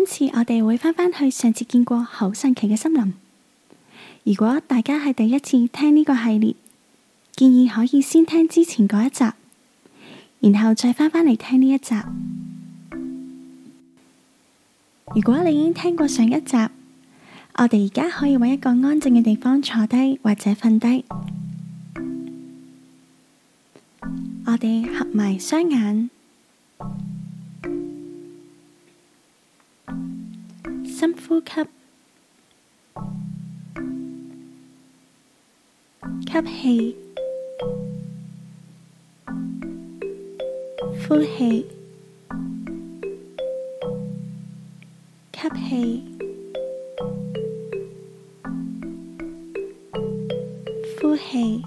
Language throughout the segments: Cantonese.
今次我哋會返返去上次見過好神奇嘅森林。如果大家係第一次聽呢個系列，建議可以先聽之前嗰一集，然後再返返嚟聽呢一集。如果你已經聽過上一集，我哋而家可以揾一個安靜嘅地方坐低或者瞓低。我哋合埋雙眼。深呼吸，吸氣，呼氣，吸氣，呼氣。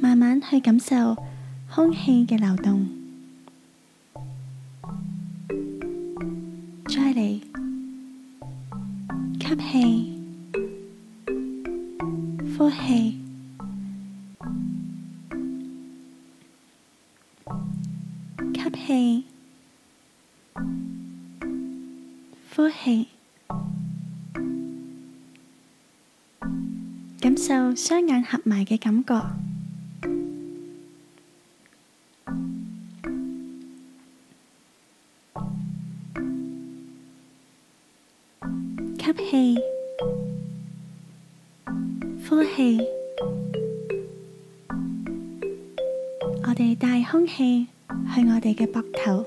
慢慢去感受空氣嘅流動，再嚟吸氣、呼氣、吸氣、呼氣。感受雙眼合埋嘅感覺，吸氣，呼氣，我哋帶空氣去我哋嘅膊頭。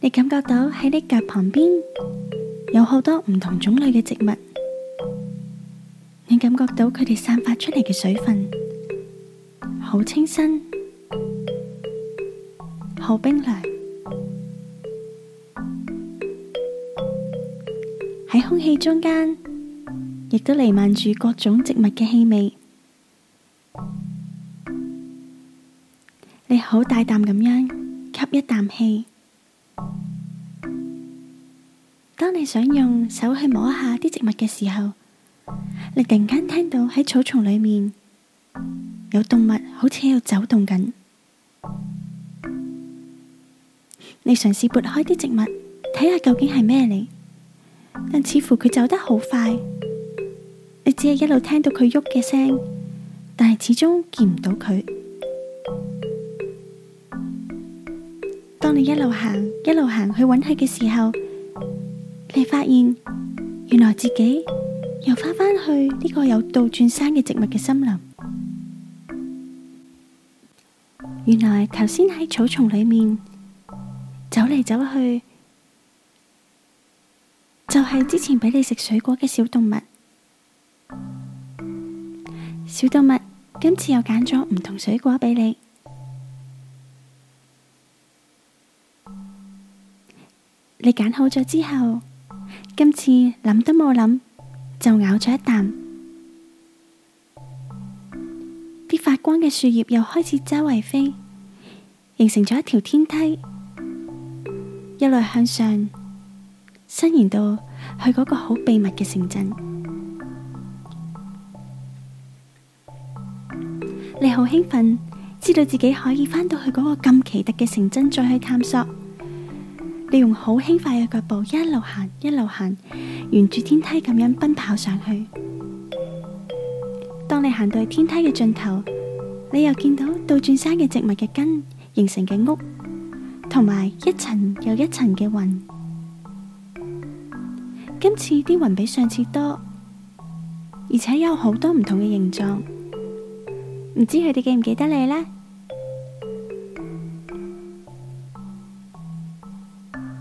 你感覺到喺你腳旁邊有好多唔同種類嘅植物，你感覺到佢哋散發出嚟嘅水分好清新，好冰涼。喺空氣中間亦都彌漫住各種植物嘅氣味。你好大啖咁樣，吸一啖氣。當你想用手去摸一下啲植物嘅時候，你突然間聽到喺草叢裏面有動物好似喺度走動緊。你嘗試撥開啲植物睇下究竟係咩嚟，但似乎佢走得好快。你只係一路聽到佢喐嘅聲，但係始終見唔到佢。你一路行，一路行去揾佢嘅時候，你發現原來自己又翻返去呢個有倒轉山嘅植物嘅森林。原來頭先喺草叢裏面走嚟走去，就係之前俾你食水果嘅小動物。小動物，今次又揀咗唔同水果俾你。你揀好咗之後，今次諗都冇諗，就咬咗一啖。啲發光嘅樹葉又開始周圍飛，形成咗一條天梯，一路向上，伸延到去嗰個好秘密嘅城鎮。你好興奮，知道自己可以返到去嗰個咁奇特嘅城鎮，再去探索。你用好輕快嘅腳步一一，一路行一路行，沿住天梯咁樣奔跑上去。當你行到去天梯嘅盡頭，你又見到倒轉山嘅植物嘅根形成嘅屋，同埋一層又一層嘅雲。今次啲雲比上次多，而且有好多唔同嘅形狀。唔知佢哋記唔記得你呢？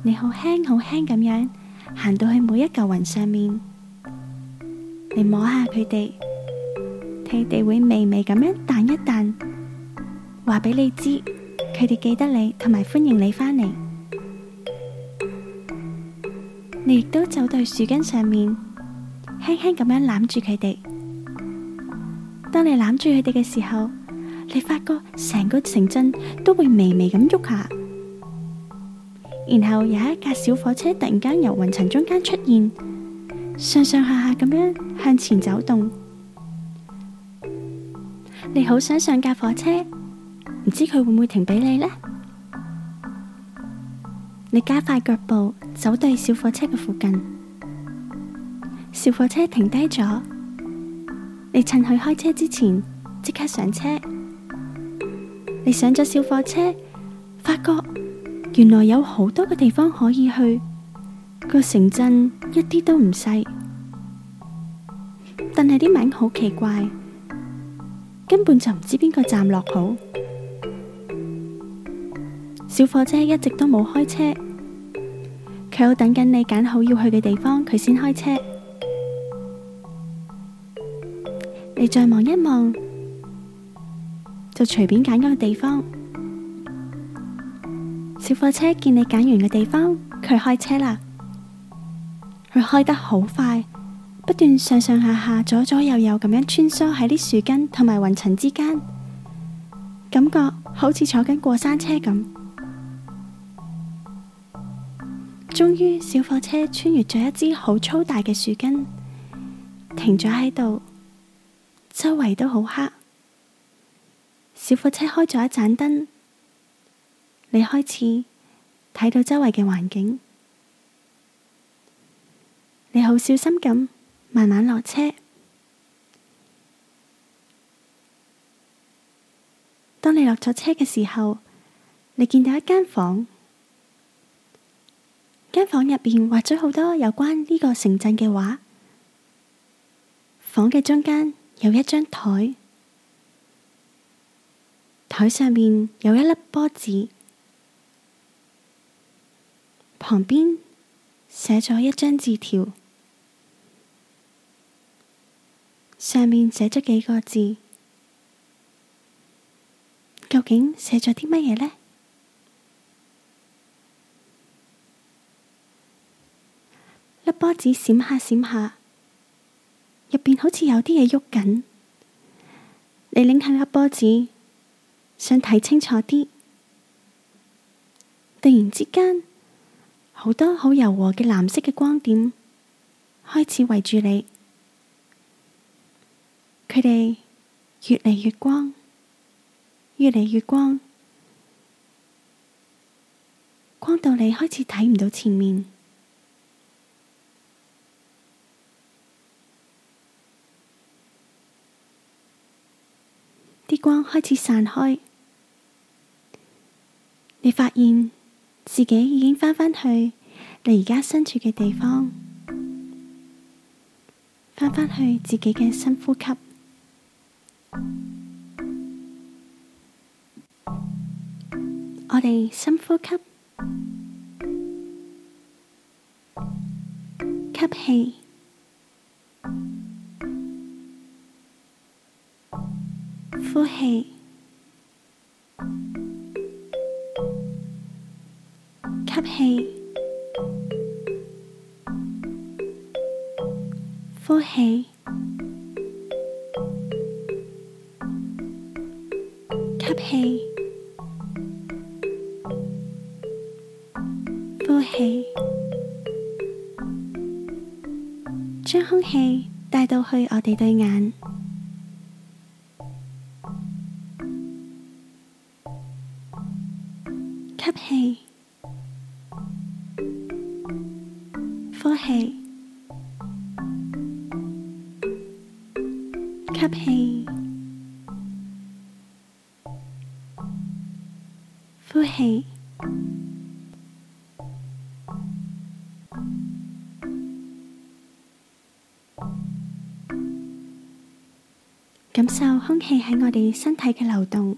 你好輕好輕咁樣行到去每一嚿雲上面，你摸下佢哋，佢哋會微微咁樣彈一彈，話俾你知佢哋記得你同埋歡迎你返嚟。你亦都走到樹根上面，輕輕咁樣攬住佢哋。當你攬住佢哋嘅時候，你發覺個成個城鎮都會微微咁喐下。然後有一架小火車突然間由雲層中間出現，上上下下咁樣向前走動。你好想上架火車，唔知佢會唔會停俾你呢？你加快腳步走對小火車嘅附近，小火車停低咗。你趁佢開車之前，即刻上車。你上咗小火車，發覺。原來有好多個地方可以去，個城鎮一啲都唔細，但係啲名好奇怪，根本就唔知邊個站落好。小火車一直都冇開車，佢要等緊你揀好要去嘅地方，佢先開車。你再望一望，就隨便揀一個地方。小火車見你揀完嘅地方，佢開車啦，佢開得好快，不斷上上下下、左左右右咁樣穿梭喺啲樹根同埋雲層之間，感覺好似坐緊過山車咁。終於，小火車穿越咗一支好粗大嘅樹根，停咗喺度，周圍都好黑。小火車開咗一盞燈。你開始睇到周圍嘅環境，你好小心咁慢慢落車。當你落咗車嘅時候，你見到一間房，間房入邊畫咗好多有關呢個城鎮嘅畫。房嘅中間有一張台，台上面有一粒波子。旁邊寫咗一張字條，上面寫咗幾個字，究竟寫咗啲乜嘢呢？粒波子閃下閃下，入邊好似有啲嘢喐緊。你擰下粒波子，想睇清楚啲。突然之間。好多好柔和嘅藍色嘅光點開始圍住你，佢哋越嚟越光，越嚟越光，光到你開始睇唔到前面，啲光開始散開，你發現。自己已經翻返去你而家身處嘅地方，翻返去自己嘅深呼吸。我哋深呼吸，吸氣，呼氣。呼氣，吸氣，呼氣，將空氣帶到去我哋對眼，吸氣。吸氣，呼氣，吸氣，感受空氣喺我哋身體嘅流動。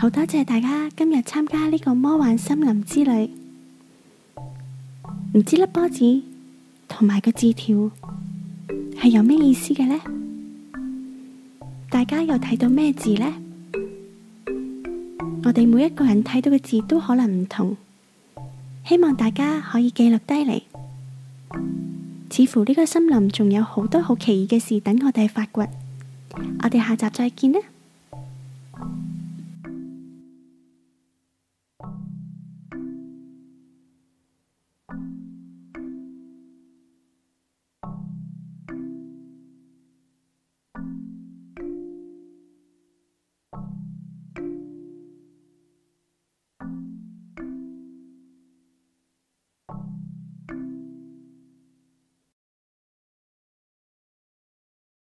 好多謝大家今日參加呢個魔幻森林之旅，唔知粒波子同埋個字條係有咩意思嘅呢？大家又睇到咩字呢？我哋每一個人睇到嘅字都可能唔同，希望大家可以記錄低嚟。似乎呢個森林仲有好多好奇異嘅事等我哋發掘，我哋下集再見啦！